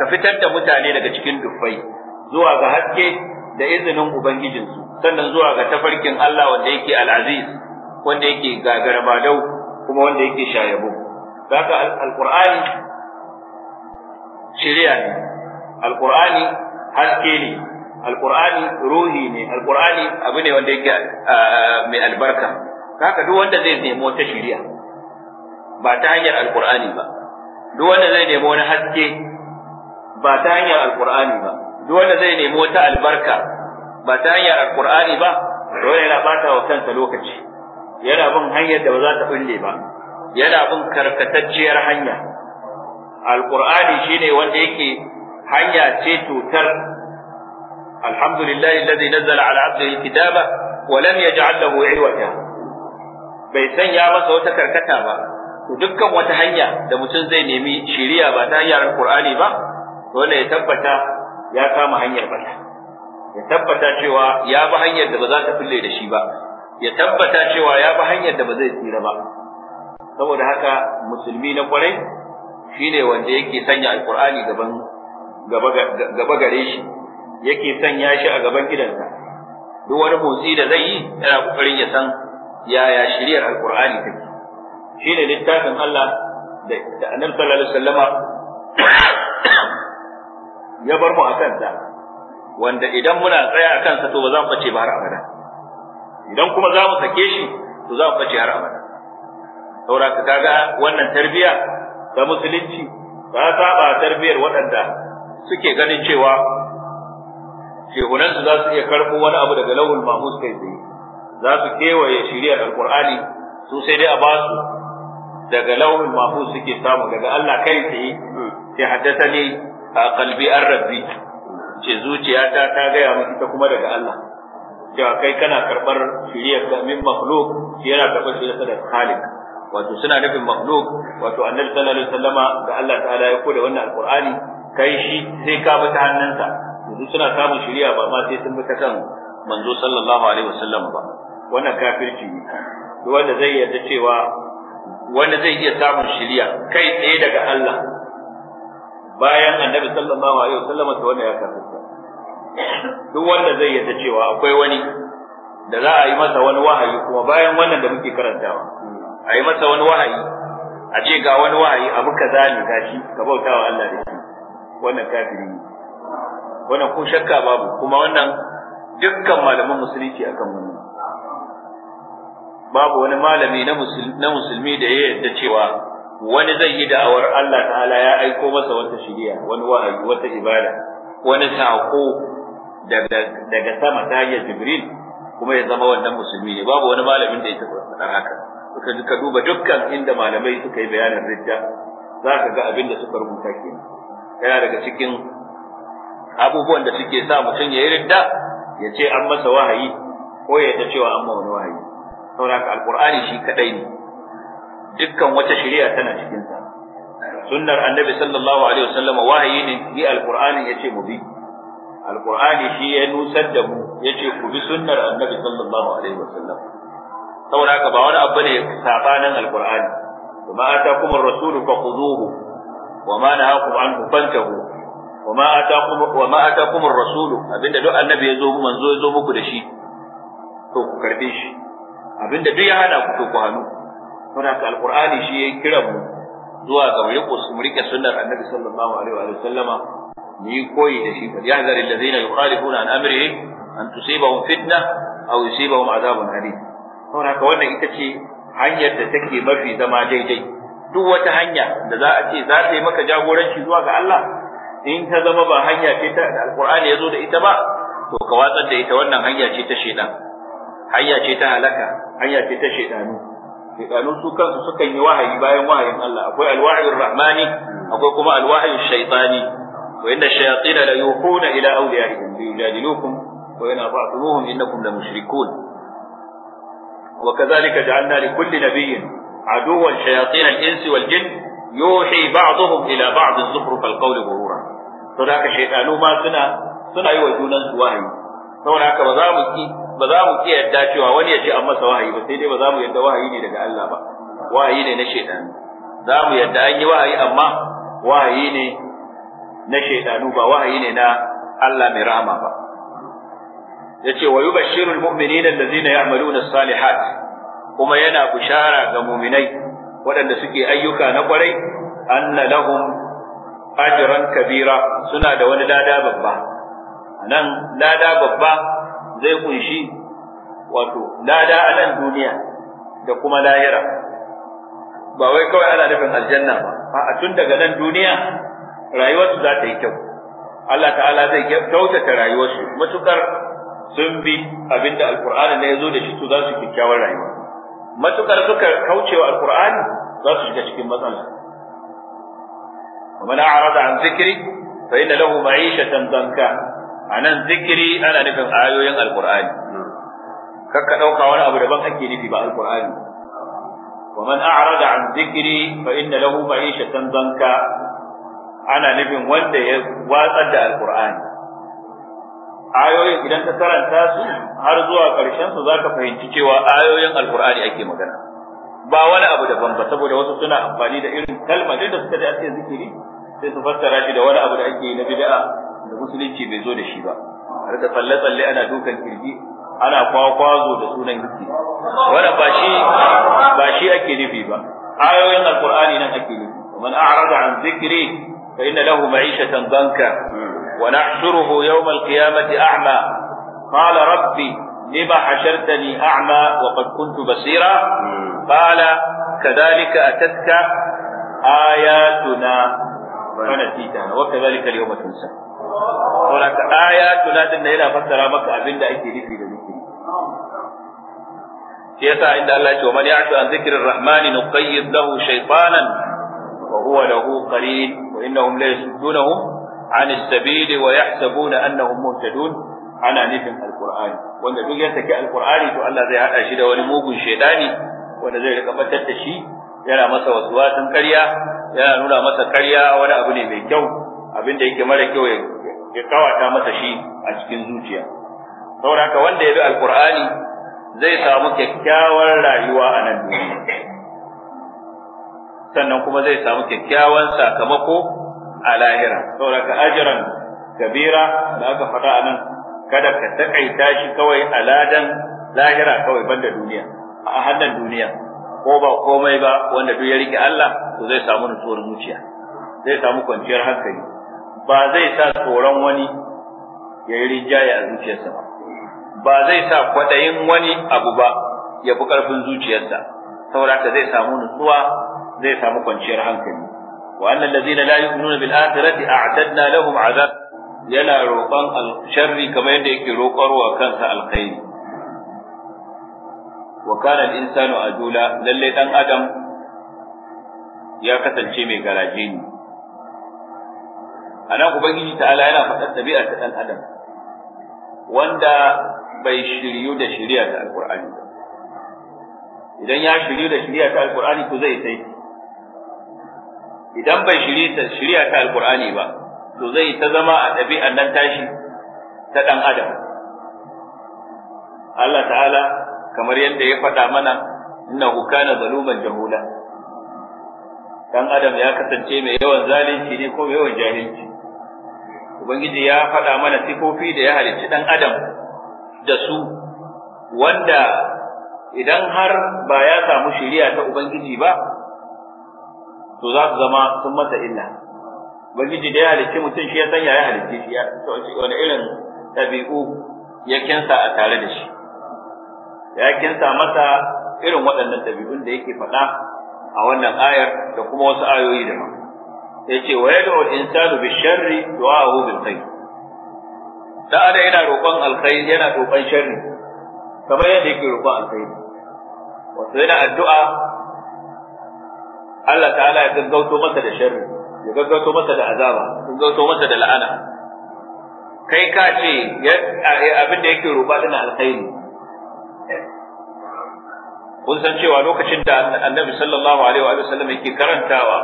كفتنت متعليل كتكين دفاي زوا غهدك لإذن هم أبنجين سنة زوا غتفرك الله وديك العزيز وديك غابر مالو وديك شايبو ذاك القرآن shari'a ne alqur'ani haske ne alqur'ani ruhi ne alqur'ani abu ne wanda yake mai albarka Kaka duk wanda zai nemo ta shari'a ba ta hanyar alqur'ani ba duk wanda zai nemo wani haske ba ta hanyar alqur'ani ba duk wanda zai nemo ta albarka ba ta hanyar alqur'ani ba dole yana bata wa kansa lokaci yana bin hanyar da ba za ta bulle ba yana bin karkatacciyar hanya Al-ƙur'ani shi ne wanda yake hanya ce tutar alhamdulillahi alladhi nazzala ala abdihi alkitaba wa lam yaj'al lahu iwaja bai sanya masa wata karkata ba to dukkan wata hanya da mutum zai nemi shiriya ba ta hanyar alqur'ani ba dole ya tabbata ya kama hanyar bata ya tabbata cewa ya bi hanyar da ba za ta fille da shi ba ya tabbata cewa ya bi hanyar da ba zai tsira ba saboda haka musulmi na kwarai shine wanda yake sanya alqur'ani gaban gaba gare shi yake sanya shi a gaban gidansa duk wani motsi da zai yi yana kokarin ya san yaya shiriyar alqur'ani take shine littafin Allah da annabi sallallahu alaihi wasallama <coughs> ya bar mu akan sa wanda idan muna tsaya a kansa to ba za mu bace ba har abada idan kuma za mu sake shi to za mu bace har abada saboda ka kaga wannan tarbiya da musulunci ta saba tarbiyar waɗanda suke ganin cewa shehunansu za su iya karɓo wani abu daga lawul mahmud kai tsaye za su kewaye shiriyar alkur'ani su sai dai a ba su daga lawul mahmud suke samu daga Allah kai tsaye sai haddasa ne a kalbi an rabbi ce zuciyata ta gaya min ta kuma daga Allah cewa kai kana karɓar shiriyar min makhluk yana karɓar shiriyar da khaliq wato suna nufin makhluq wato annabi sallallahu alaihi wasallama da Allah ta'ala ya koda wannan alqur'ani kai shi sai ka bi ta hannunsa yanzu suna samun shari'a ba ma sai sun bi ta kan manzo sallallahu alaihi wasallam ba wannan kafirci ne duk wanda zai yarda cewa wanda zai iya samun shari'a kai tsaye daga Allah bayan annabi sallallahu alaihi wasallam to wannan ya kafirta duk wanda zai yarda cewa akwai wani da za a yi masa wani wahayi kuma bayan wannan da muke karantawa a yi masa wani wahayi a ce ga wani wahayi abu kaza ne gashi ka wa Allah da shi wannan kafiri ne wannan ko shakka babu kuma wannan dukkan malaman musulunci akan wannan babu wani malami na musulmi da ya yarda cewa wani zai yi da'awar Allah ta'ala ya aiko masa wata shiriya wani wahayi wata ibada wani sako daga sama ta hanyar jibril kuma ya zama wannan musulmi ne babu wani malamin da ya taɓa haka ka duba dukkan inda malamai suka yi bayanin ridda za ka ga abin da suka rubuta kenan yana daga cikin abubuwan da suke sa mutum ya yi ridda ya ce an masa wahayi ko ya ta cewa an wani wahayi saboda alqur'ani shi kadai ne dukkan wata shari'a tana cikin sa sunnar annabi sallallahu alaihi wasallam wahayi ne bi ya ce mu bi alqur'ani shi ya nusar da mu yace ku bi sunnar annabi sallallahu alaihi wasallam saboda haka ba wani abu ne sabanin alqur'ani kuma atakum ar-rasulu fakhuduhu wa ma nahakum anhu fantahu wa ma atakum wa ma atakum ar-rasulu abinda duk annabi ya zo manzo ya muku da shi to ku karbe shi abinda duk ya hada ku to ku hannu saboda haka alqur'ani shi ya kira mu zuwa ga mu rike sunnar annabi sallallahu alaihi wa sallama ni koyi da shi fal yahzar alladhina yukhalifuna an amrihi an tusibahum fitna aw yusibahum adhabun alim saboda haka wannan ita ce hanyar da take mafi zama daidai duk wata hanya da za a ce za ta yi maka jagoranci zuwa ga Allah in ta zama ba hanya ce ta da alqur'ani ya zo da ita ba to ka watsar da ita wannan hanya ce ta shedan hanya ce ta halaka hanya ce ta shedanu shedanu su kansu sukan yi wahayi bayan wahayin Allah akwai alwahiyur rahmani akwai kuma alwahiyush shaytani wa inna shayatin la yuhuna ila awliya'ihim yujadilukum wa yanfa'uhum innakum la mushrikun وكذلك جعلنا لكل نبي عدوا شياطين الإنس والجن يوحي بعضهم إلى بعض زخرف القول غرورا da شيطانو ما سنا سنا يوجونا وهي saboda haka ba za mu ki ba za mu ki yadda cewa wani ya ce an masa wahayi ba sai dai ba za mu yadda wahayi ne daga Allah ba wahayi ne na shaitan za mu yadda wahayi amma wahayi ne na ba wahayi ne na Allah mai rahama ba yace wa yubashshirul mu'minina allazina ya'maluna as-salihat kuma yana bushara ga mu'minai waɗanda suke ayyuka na kwarai anna lahum ajran kabira suna da wani lada babba nan lada babba zai kunshi wato lada a nan duniya da kuma lahira ba wai kawai ana nufin aljanna ba a tun daga nan duniya rayuwarsu za ta yi kyau Allah ta'ala zai kyautata rayuwarsu matukar sun bi abin da alqur'ani ne yazo da shi to za su kyakkyawar rayuwa matukar suka kaucewa alqur'ani za su shiga cikin matsala arada an عن fa inna lahu ma'ishatan danka anan ذكري ana nufin ayoyin القرآن kakka ɗauka wani abu daban ake nufi ba alƙur'ani wa man a'rada an dhikri fa inna lahu ma'ishatan zanka ana nufin wanda ya watsar da alƙur'ani ayoyin idan ka karanta su har zuwa ƙarshen su zaka fahimci cewa ayoyin alqur'ani ake magana ba wani abu daban ba saboda wasu suna amfani da irin kalmar da suka da ake zikiri sai su fassara shi da wani abu da ake yi na bid'a da musulunci bai zo da shi ba har da tsalle tsalle ana dukan kirji ana kwakwazo da sunan hikki wanda ba shi ba shi ake nufi ba ayoyin alqur'ani nan ake nufi man a'rada an zikri fa inna lahu ma'ishatan danka ونحشره يوم القيامة أعمى قال ربي لما حشرتني أعمى وقد كنت بصيرا قال كذلك أتتك آياتنا فنسيتها وكذلك اليوم تنسى هناك آياتنا دنا إلى فترة مكة أبين دا أيتي نفي دا ذكري كيسا عند الله ومن يعش عن ذكر الرحمن نقيض له شيطانا وهو له قليل وإنهم لا يسدونهم عن السبيل ويحسبون أنهم مهتدون أنا نفهم القرآن وأن دو يسك القرآن تو الله زي هذا شيء ولي موجن شيطاني وأن زي لك فتت الشيء يلا مسا وسواس كريا يرى نولا مسا كريا وأنا أبني من جو أبن ديك ملك ya kawata masa shi a cikin zuciya saboda wanda ya bi alqur'ani zai samu kyakkyawar rayuwa a nan duniya sannan kuma zai samu kyakkyawan sakamako a lahira saboda ka ajiran kabira da aka faɗa a nan kada ka takaita shi kawai a ladan lahira kawai banda duniya a hannun duniya ko ba komai ba wanda duk ya rike Allah to zai samu nutsuwar zuciya zai samu kwanciyar hankali ba zai sa tsoron wani ya yi rinjaye a zuciyarsa ba ba zai sa kwaɗayin wani abu ba ya fi ƙarfin zuciyarsa saboda zai samu nutsuwa zai samu kwanciyar hankali wa annal ladina la yu'minuna bil akhirati a'tadna lahum azab yana roƙon sharri kamar yadda yake roƙarwa kansa alkhairi wa kana al insanu ajula lalle dan adam ya kasance mai garaje ne anan ubangiji ta'ala yana faɗar tabi'a ta dan adam wanda bai shiryu da ta idan ya da ta to zai sai idan bai shiri ta shiriya ta alqur'ani ba to zai ta zama a ɗabi'an nan tashi ta ɗan adam Allah ta'ala kamar yadda ya faɗa mana innahu kana zaluman jahula dan adam ya kasance mai yawan zalunci ne ko mai yawan jahilci ubangiji ya faɗa mana sifofi da ya halicci dan adam da su wanda idan har ba ya samu shiriya ta ubangiji ba to za su zama sun masa illa ubangiji da ya halicci mutum shi ya san ya halicci shi ya wani irin ɗabi'u ya kinsa a tare da shi ya kinsa masa irin waɗannan ɗabi'un da yake faɗa a wannan ayar da kuma wasu ayoyi da ma ya ce wa yadda wa insanu bi sharri du'a'uhu bil khair da ada yana roƙon alkhairi yana roƙon sharri kamar yadda yake roƙon alkhairi wato yana addu'a Allah ta'ala ya gaggauto masa da sharri ya gaggauto masa da azaba ya gaggauto masa da la'ana kai ka ce eh, abin da yake roƙa din alkhairi kun san cewa lokacin da annabi sallallahu alaihi wa sallam yake karantawa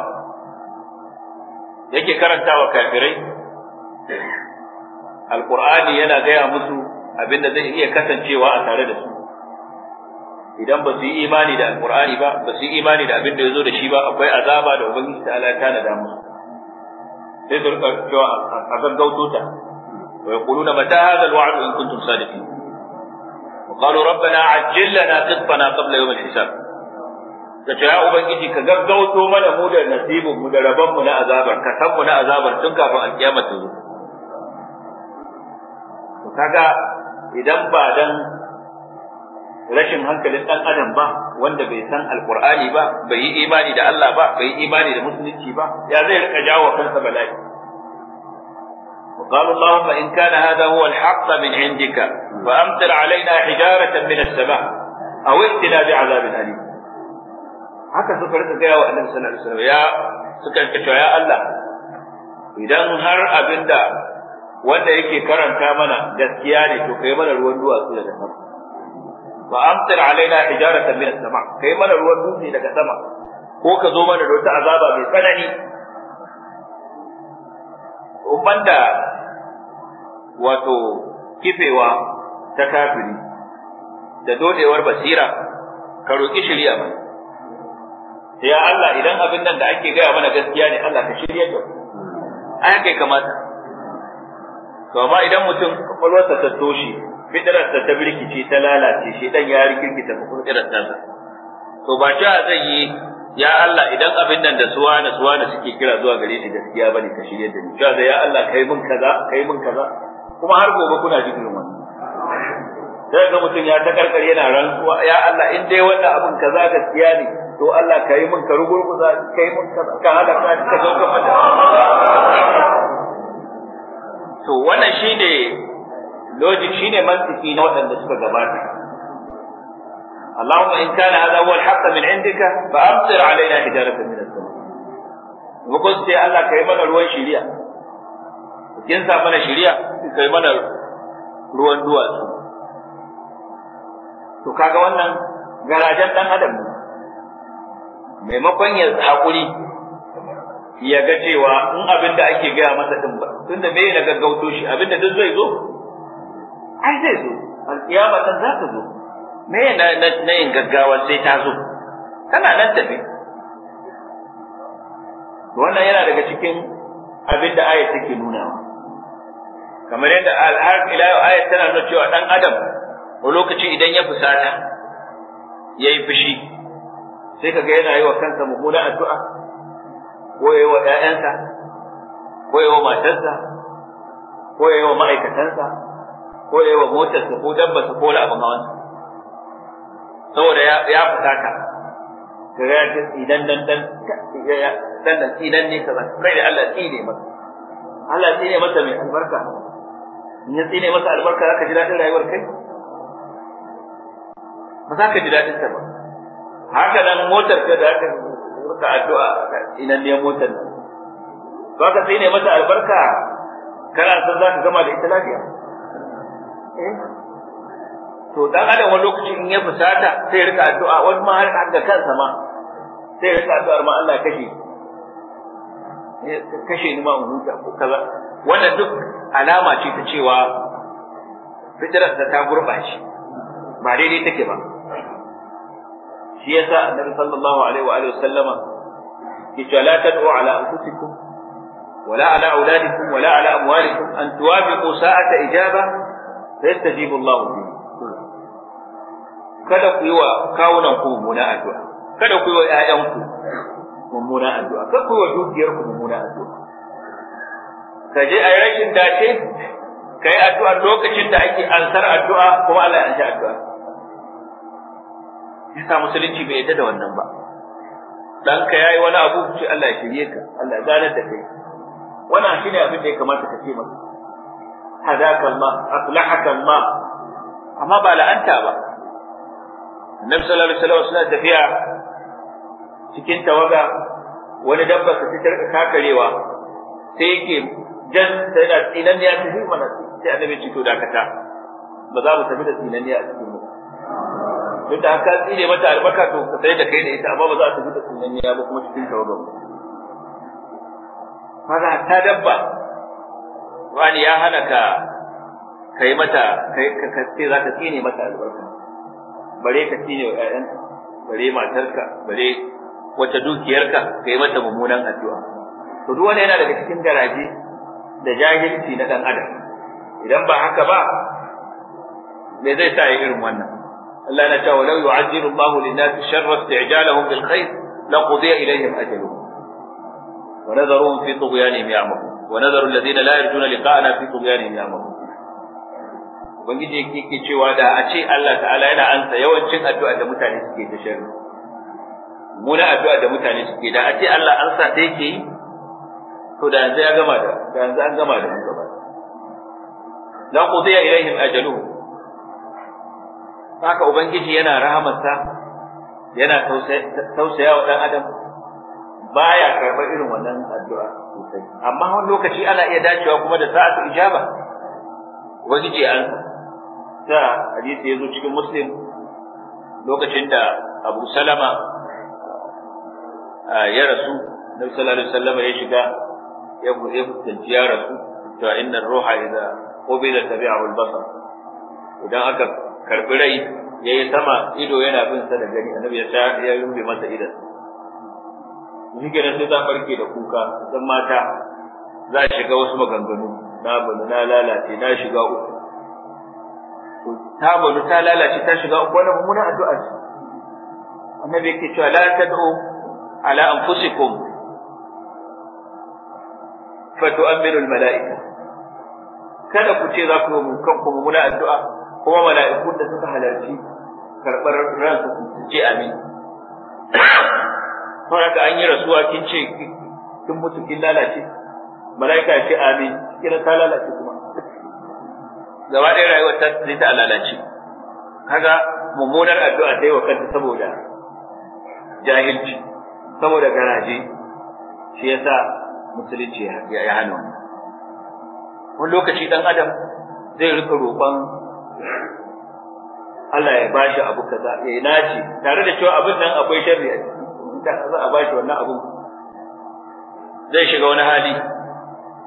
yake karantawa kafirai alqur'ani yana gaya musu abin da zai iya kasancewa a tare da su idan ba su yi imani da Alƙur'ani ba ba su yi imani da abin da zo da shi ba akwai azaba da ubangiji ta Allah ta nada musu sai su rika cewa a gaggauto ta wa yaquluna mata hadha alwa'd in kuntum sadiqin wa qalu rabbana ajjil lana qitana qabla yawm alhisab da ce ya ubangiji ka gaggauto mana mu da nasibin mu da rabon mu na azabar ka san mu na azabar tun kafin alkiyama ta zo kaga idan ba dan rashin hankalin ɗan adam ba wanda bai san alqur'ani ba bai yi imani da Allah ba bai yi imani da musulunci ba ya zai rika jawo wa kansa bala'i وقال اللهم إن كان هذا هو الحق من عندك فأمطر علينا حجارة من السماء أو ائتنا بعذاب أليم haka suka rika gaya wa annabi sallallahu alaihi wasallam ya suka rika cewa ya Allah idan har abinda wanda yake karanta mana gaskiya ne to kai mana ruwan duwatsu da dafa wa amtir alaina hijaratan min as-sama kai mana ruwan dutse daga sama ko ka zo mana da wata azaba mai tsanani in banda wato kifewa ta kafiri da dodewar basira ka roƙi shirya mana ya Allah idan abin nan da ake gaya mana gaskiya ne Allah ka shirya da ai kai kamata to amma idan mutum kwalwarsa ta toshe fitrarsa ta birkice ta lalace shi dan ya rikirkita fitrarsa ta to ba ta zai yi ya Allah idan abin nan da suwa na suwa da suke kira zuwa gare shi gaskiya bane ka shirye da ni ta ya Allah kai mun kaza kai mun kaza kuma har gobe kuna jin irin wannan sai ga mutum ya ta karkar yana rantsuwa ya Allah in dai wannan abin kaza gaskiya ne to Allah kai mun ka rugurguza kai mun kaza ka hada ka ka zo ka fada to wannan shine logic shine mantiki na waɗanda suka gabata Allahumma in kana hadha huwa al-haqq min indika fa amtir alaina hijaratan min as-sama mukun sai Allah kai mana ruwan shiriya kin sa mana shiriya kai mana ruwan duwatsu to kaga wannan garajen dan adam ne maimakon ya hakuri ya ga cewa in abin da ake gaya masa din ba tunda me na gaggauto shi abin da duk zai zo ai zai zo alƙiyama ta za ta zo me na na yin gaggawa sai ta zo tana nan tafi wannan yana daga cikin abin da ayat take nunawa kamar yadda al-har ila ayat tana nuna cewa dan adam a lokaci idan ya fusata ya yi fushi sai kaga yana yi wa kansa mummunan addu'a ko ya yi wa ‘ya'yansa ko ya yi wa matarsa ko ya yi wa ma'aikatansa ko ya yi motar motarsa ko dabbarsa ko wani abin hawansa saboda ya fita ka ga ta idan dan dan dan dan idan ne kaza kai da Allah tsine masa Allah tsine masa mai albarka in ya tsine masa albarka zaka ji dadin rayuwar kai ba za ka ji dadin ta ba haka nan motar ka da aka rubuta addu'a idan ne motar nan ka aka tsine masa albarka kana san za ka gama da ita lafiya Eh? to dan adam wani lokaci in ya fusata sai rika addu'a wani ma har ga kansa ma sai rika addu'ar ma Allah kashe kashe ni ma in huta ko kaza wannan duk alama ce ta cewa fitrar ta gurbace ba daidai take ba shi yasa annabi sallallahu alaihi wa alihi wasallama yace la tad'u ala anfusikum wala ala auladikum wala ala amwalikum an tuwafiqu sa'ata ijaba فيستجيب الله jibu Allah kada ku yi wa kawunan mummuna addu'a kada ku yi wa ƴaƴan mummuna addu'a kada ku yi wa dukiyar mummuna addu'a ka je a rashin dace ka yi addu'a lokacin da ake ansar addu'a kuma Allah ya anshi addu'a musulunci bai yadda da wannan ba ɗanka ya yi wani abu ce Allah ya shirye ka Allah ya gane da kai wannan shine abin da ya kamata ka ce masa hadaka Allah aflahaka Allah amma ba la'anta ba annabi sallallahu alaihi wasallam suna tafiya cikin tawaga wani dabba ta ta kakarewa sai yake jan sai da tsinan ya tafi mana sai annabi ci to dakata ba za mu tafi da tsinan ya cikin mu duk da haka tsire mata albarka to ka sai da kai da ita amma ba za a tafi da tsinan ya ba kuma cikin tawaga ba ta dabba wani ya hana ka kai mata kai ka kace za ka tsine mata albarka bare ka tsine wa ƴaƴanka bare matarka bare wata dukiyarka kai mata mummunan addu'a to duk wani yana daga cikin garaje da jahilci na dan adam idan ba haka ba me zai sa ya irin wannan Allah na ta walau yu'ajjilu Allahu lin-nasi sharra isti'jalahum bil khair laqudiya ilayhim ajaluhum wa nadharuhum fi tughyanihim ya'mahun wa nazaru alladhina la yarjuna liqa'ana fi tughyanihim ya'mahun ubangiji yake cewa da a ce Allah ta'ala yana ansa yawancin addu'a da mutane suke ta sharri muna addu'a da mutane suke da a ce Allah ansa ta yake yi to da yanzu ya gama da da yanzu an gama da gaba la qudiya ilaihim ajaluhum haka ubangiji yana rahamarsa yana tausayawa wa dan adam baya karɓar irin wannan addu'a sosai amma wani lokaci ana iya dacewa kuma da sa'a ta ijaba wani ce an sa hadisi ya zo cikin muslim lokacin da abu salama ya rasu na sallallahu alaihi wasallam ya shiga ya fuskanci ya rasu to inna ruha idza qubila tabi'ahu al-basar idan aka karɓi rai yayi sama ido yana bin sa da gani annabi ya rufe masa idan shi kenan sai za barke da kuka dan mata za a shiga wasu maganganu na bani na lalace na shiga uku to ta bani ta lalace ta shiga uku wannan mummunan addu'a ce annabi yake cewa la tad'u ala anfusikum fa tu'ammiru al-mala'ika kada ku ce za ku yi kanku mummunan addu'a kuma mala'ikun da suka halarci karɓar ransu su ce amin sau da an yi rasuwa kin ce kin mutu kin lalace mala'ika ya ce amin kira ta lalace kuma gaba ɗaya rayuwar ta zai ta lalace kaga mummunar addu'a ta yi wa kanta saboda jahilci saboda garaje shi yasa musulunci ya hana wannan wani lokaci dan adam zai rika roƙon Allah ya bashi abu kaza ya yi naci tare da cewa abin nan akwai sharri a ciki da za a wannan zai shiga wani hali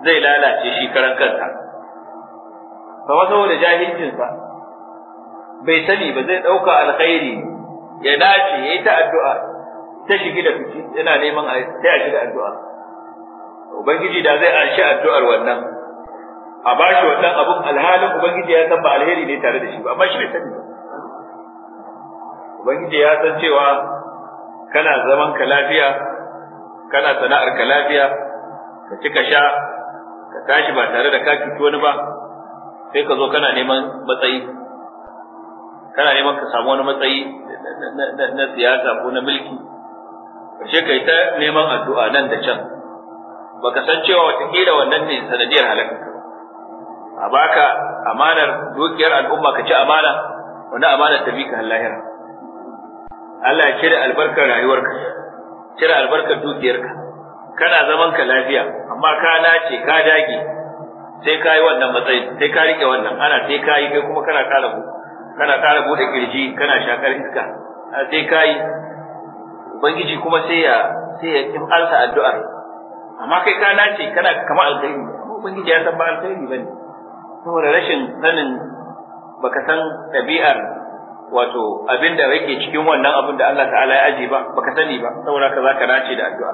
zai lalace shi karan kansa ba ma saboda jahilcinsa bai sani ba zai ɗauka alkhairi ya dace ya yi ta addu'a ta shigi da fici yana neman a ta shi da addu'a ubangiji da zai shi addu'ar wannan a bashi wannan abun alhalin ubangiji ya san ba alheri ne tare da shi ba amma shi bai sani ba ubangiji ya san cewa kana zaman ka lafiya kana sana'ar ka lafiya ka ci ka sha ka tashi ba tare da ka cuci wani ba sai ka zo kana neman matsayi kana neman ka samu wani matsayi na siyasa ko na mulki karshe ka yi ta neman addu'a nan da can baka san cewa watakila wannan ne sanadiyar halakarka a baka amanar dukiyar al'umma ka ci amana wani amana ta bi ka lahira Allah ya cire albarkar rayuwarka cire albarkar dukiyarka kana zaman ka lafiya amma ka lace ka dage sai ka yi wannan matsayin sai ka rike wannan ana sai ka yi kai kuma kana kara kana kara bude kirji kana shakar iska sai ka yi ubangiji kuma sai ya sai ya kimanta addu'ar amma kai ka lace kana kamar alkhairi ubangiji ya san ba alkhairi bane saboda rashin sanin baka san ɗabi'ar wato abin da yake cikin wannan abin da Allah ta'ala ya aje ba baka sani ba saboda ka zaka nace da addu'a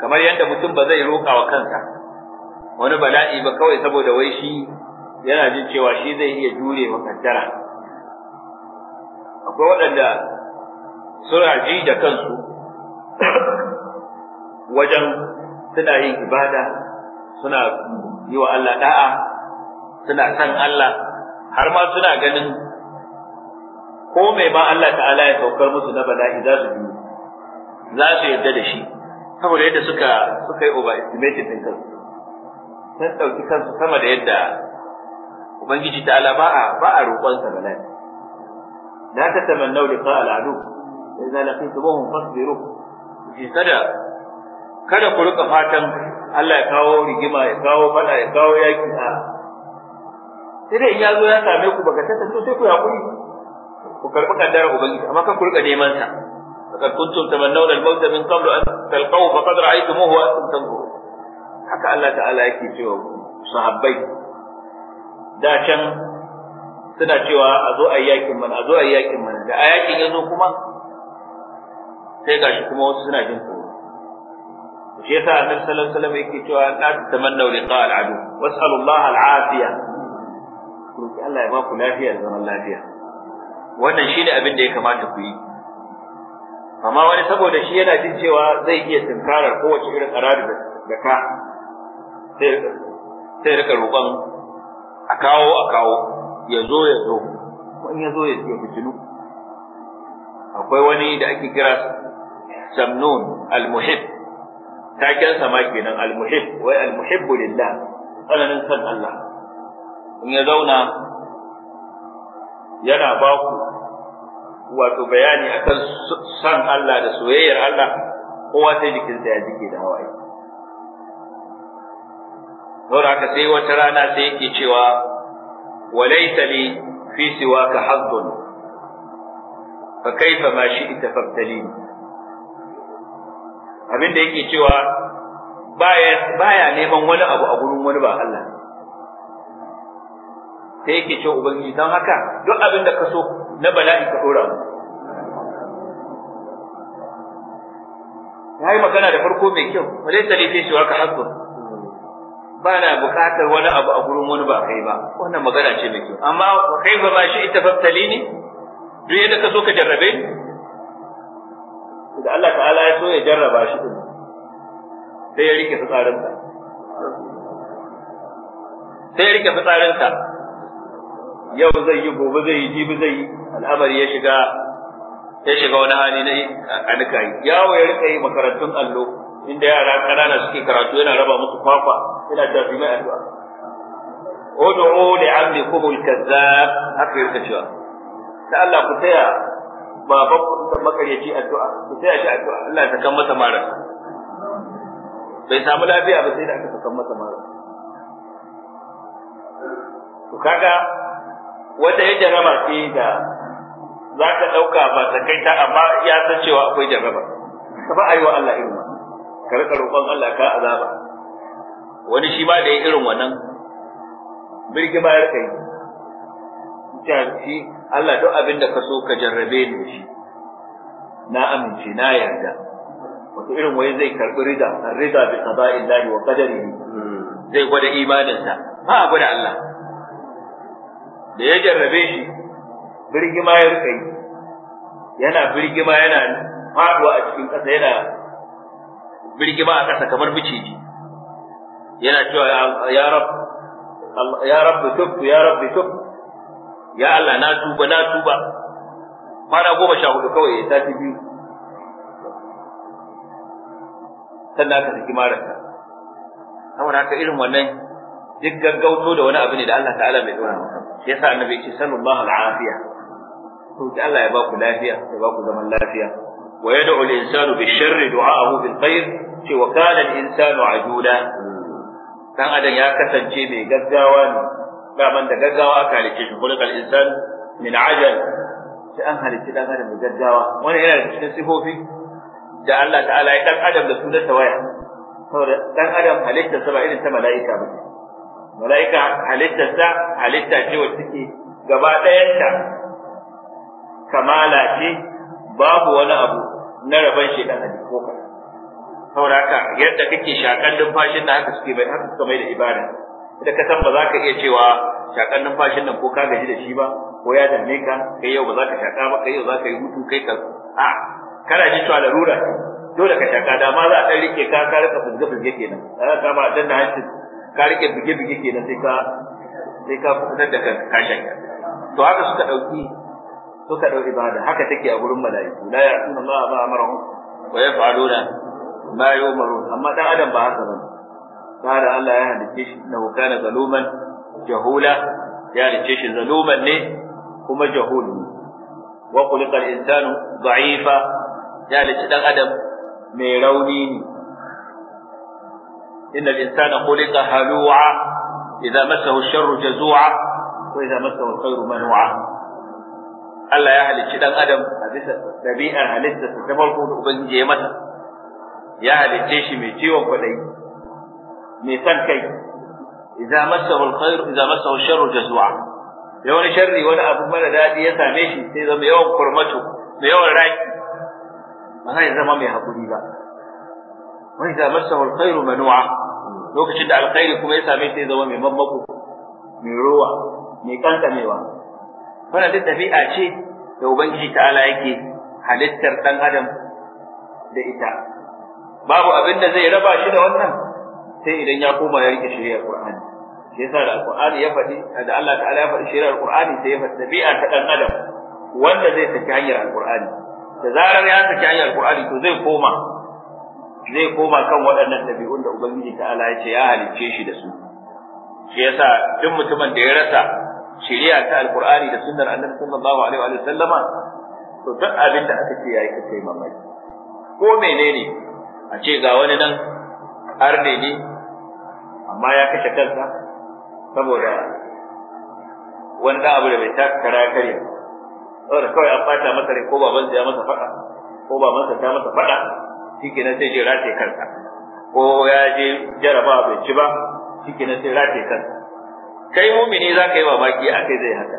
kamar yadda mutum ba zai roƙa wa kansa wani bala'i ba kawai saboda wai shi yana jin cewa shi zai iya jure wa kaddara akwai waɗanda suna ji da kansu <coughs> wajen suna yin ibada suna yi wa Allah da'a suna san Allah har ma suna ganin ko mai ma Allah ta'ala ya saukar musu na bala'i za su yi za su yarda da shi saboda yadda suka suka yi overestimated din kansu sun ɗauki kansu sama da yadda ubangiji ta'ala ba a ba a sa bala'i la tatamannau liqa al'adu idza laqitumuhum fasbiru shi sada kada ku rika fatan Allah ya kawo rigima ya kawo fada ya kawo yaki a sai dai in ya zo ya same ku baka tantance sai ku hakuri ku karbi kaddara ubangiji amma kan ku rika neman sa laqad kuntum tamannawna al-mauta min qabl an talqaw fa qad ra'aytumuhu wa antum tanzurun haka Allah ta'ala yake cewa sahabbai da can suna cewa a zo a yi yakin mana a zo a yi yakin mana da ya zo kuma sai gashi kuma wasu suna jin tsoro shi yasa annabi sallallahu alaihi wasallam yake cewa la tamannaw liqa al-adu was'alu Allah al-afiya ku Allah ya ba ku lafiya da zaman lafiya wannan shi ne abin da ya kamata ku yi amma wani saboda shi yana jin cewa zai iya tunkarar kowace irin karari da ka sai rika roƙon a kawo a kawo ya zo ya zo in ya zo ya fitinu akwai wani da ake kira samnun al-muhib taken sama kenan al wai al-muhibbu lillah tsananin san Allah in ya zauna yana ba ku wato bayani akan san Allah da soyayyar Allah kowa sai jikinsa ya jike da hawaye don haka sai wata rana sai yake cewa walaita li fi siwaka hazzun fa kaifa ma shi'ta fabtalini abin da yake cewa baya neman wani abu a gurin wani ba Allah ne. sai yake ce ubangiji don haka duk abin da ka so na bala'i ka dora mu yayi magana da farko mai kyau walaysa li shi shuraka haqqun ba na bukatar wani abu a gurin wani ba kai ba wannan magana ce mai kyau amma kai ba ma shi ita faftali ne duk yadda ka so ka jarrabe da Allah ta'ala ya so ya jarraba shi din sai ya rike fitsarinsa sai ya rike fitsarinsa yau zai yi gobe zai yi jibi zai yi al'amari ya shiga ya shiga wani hali na anika yi yawo ya rika yi makarantun allo inda yara kanana suke karatu yana raba musu kwakwa yana tafi mai addu'a ud'u li amlikum al-kazzab haka yake cewa ta Allah ku taya baban ku makaryaci addu'a ku taya shi addu'a Allah ta kan masa mara bai samu lafiya ba sai da aka kan masa mara to kaga wata ya jaraba ce da za ka ɗauka ba ta kai ta amma ya san cewa akwai jaraba. ka ba a yi wa Allah irin ba ka rika roƙon Allah ka azaba wani shi ma da ya irin wannan Birki ya ka yi shi Allah duk abin da ka so ka jarrabe ni shi na amince na yarda wato irin wai zai karbi rida rida bi qada'illahi wa qadarihi hmm. zai gwada imanin ba a gwada Allah da ya jarrabe shi birgima ya rika yi yana birgima yana faduwa a cikin ƙasa yana birgima a ƙasa kamar miciji yana cewa ya rab ya rabbi tub ya rabbi tub ya Allah na tuba na tuba kwana goma sha hudu kawai ya tafi biyu sannan aka saki marasa saboda haka irin wannan duk gaggauto da wani abu ne da Allah ta'ala mai zuwa maka yasa annabi yake sallallahu alaihi al'afiya to ki Allah ya ba ku lafiya ya ba ku zaman lafiya wa yad'u al-insanu bi-sharri du'a'ahu bil-khair ce wa kana al-insanu ajula dan adam ya kasance mai gaggawa ne man da gaggawa aka halice shi kullu al-insan min ajal sai an halice dan adam mai gaggawa wannan yana cikin sifofi da Allah ta'ala ya dan adam da sunan tawaya saboda dan adam halitta sa ba irin ta mala'ika ba mala'ika halittarsa halitta ce wacce take gaba ɗayanta kamala ce babu wani abu na rabon shi da hali ko ka saboda haka yadda kake shakan numfashin da haka suke haka suka mai da ibada idan ka san ba za ka iya cewa shakan numfashin nan ko ka gaji da shi ba ko ya dame ka kai yau ba za ka shaka ba kai yau za ka yi hutu kai ka a kana ji to larura dole ka shaka da ma za a ɗan rike ka ka rika fuzge-fuzge kenan za ka dan da hancin ka rike bige bige kenan sai ka sai ka fitar da kanka ka shanya to haka suka ɗauki, suka dau ibada haka take a gurin mala'iku la ya'tuna ma ba amaruhum wa yaf'aluna ma yu'marun amma ɗan adam ba haka bane da Allah ya halice shi na kana zaluman jahula ya halice shi zaluman ne kuma jahulu wa khuliqa al-insanu ya halice ɗan adam mai rauni ne إن الإنسان خلق هلوعا إذا مسه الشر جزوعا وإذا مسه الخير منوعا ألا يا أهل الشدان أدم نبيئا هلسة تتفلقون أبنجي متى يا أهل الجيش ميتيوا فلي ميتان كي إذا مسه الخير إذا مسه الشر جزوعا يوم شري وانا أبو مالا دادي يساميشي سيدا ميوم قرمته ميوم راكي ما هي زمامي حقودي بقى wa idza massahu alkhairu manu'a lokacin da alkhairi kuma ya same sai zama mai mamaku, mai ruwa mai kankamewa wannan duk dabi'a ce da ubangiji ta'ala yake halittar dan adam da ita babu abin da zai raba shi da wannan sai idan ya koma ya rike shari'ar Qur'ani sai yasa da Qur'ani ya faɗi da Allah ta'ala ya faɗi shari'ar Qur'ani sai ya faɗi dabi'a ta dan adam wanda zai tafi hanyar al da zarar ya saki hanyar al to zai koma zai koma kan waɗannan ɗabi'un da ubangiji ta'ala ya ce ya halicce shi da su shi yasa duk mutumin da ya rasa shirya ta alqur'ani da sunnar annabi sallallahu alaihi wa sallama to duk abin da aka ce yayi kai mamaki ko menene a ce ga wani nan arne ne amma ya kashe kansa saboda wani abu da bai takara karya, kare saboda kawai an fata masa rai ko babansa ya masa faɗa ko babansa ta masa faɗa shike nan sai je rataye kansa ko ya je jaraba bai ci ba shike nan sai rataye kansa kai mumini za ka yi mamaki a kai zai haka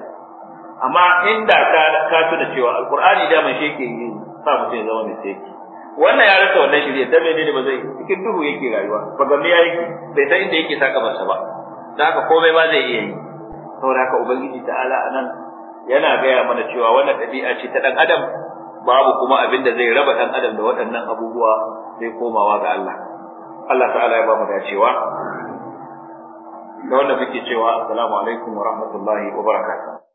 amma inda ka ka tuna cewa alqur'ani da man shike yi sa mutum ya zama mai mistake wannan ya rasa wannan shirye dan ne ba zai cikin duhu yake rayuwa ba gamme ya yake bai san inda yake saka masa ba da haka komai ba zai iya yi saboda haka ubangiji ta'ala anan yana gaya mana cewa wannan ɗabi'a ce ta ɗan adam babu kuma abin da zai raba dan adam da waɗannan abubuwa zai komawa ga Allah Allah ta'ala ya ba mu dacewa da wannan muke cewa assalamu alaikum wa rahmatullahi wa barakatuh